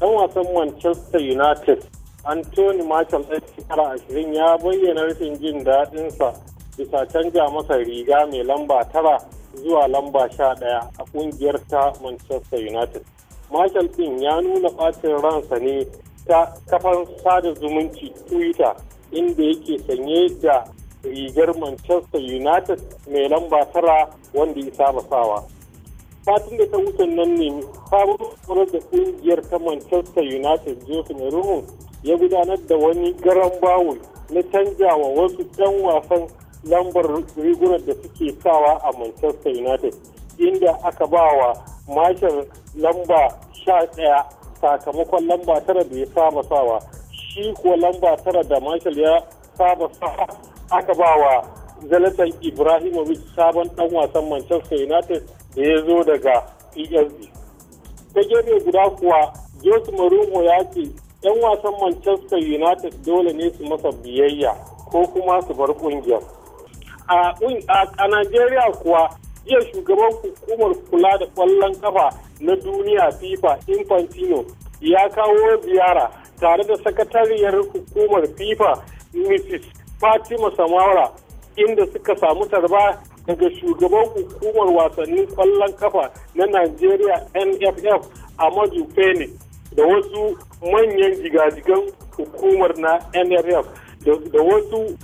dan wasan Manchester United Anthony Marshall ɗan shekara ashirin ya bayyana rashin jin daɗinsa bisa canja masa riga mai lamba tara zuwa lamba sha ɗaya a ƙungiyar ta Manchester United. Marshall ɗin ya nuna ɓacin ransa ne ta kafar sada zumunci Twitter inda yake sanye da rigar Manchester United mai lamba tara wanda ya saba sawa. satin da ta wuce nan ne faru kwanar da kungiyar ta manchester united jose mourinho ya gudanar da wani garan bawul na canjawa wasu can wasan lambar rigunar da suke sawa a manchester united inda aka ba wa mashar lamba sha ɗaya sakamakon lamba tara da ya saba sawa shi kuwa lamba tara da mashal ya saba sawa aka ba wa zalatan ibrahimovic sabon dan wasan manchester united da ya zo daga psv ta gefe guda kuwa jose mourinho ya ce 'yan wasan manchester united dole ne su masa biyayya ko kuma su bar kungiyar a najeriya kuwa jiya shugaban hukumar kula da kwallon kafa na duniya fifa infantino ya kawo ziyara tare da sakatariyar hukumar fifa mrs fatima samaura inda suka samu tarba daga shugaban hukumar wasannin kwallon kafa na Najeriya NFF Amadu Fene da wasu manyan jigajigan hukumar na NFF da wasu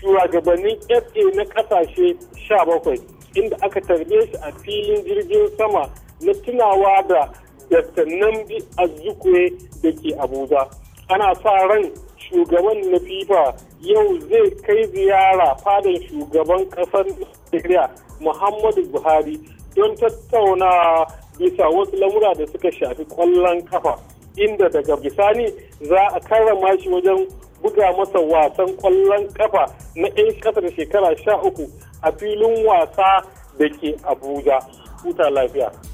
shugabannin FA na kasashe 17 inda aka tarbe shi a filin jirgin sama na tunawa da Dr. bi a da ke Abuja. Ana sa ran shugaban na fifa yau zai kai ziyara fadan shugaban kasar nigeria muhammadu buhari don tattauna bisa wasu lamura da suka shafi kwallon kafa inda daga bisani za a karrama shi wajen buga masa wasan kwallon kafa na 'yan kasar shekara sha uku a filin wasa da ke abuja huta lafiya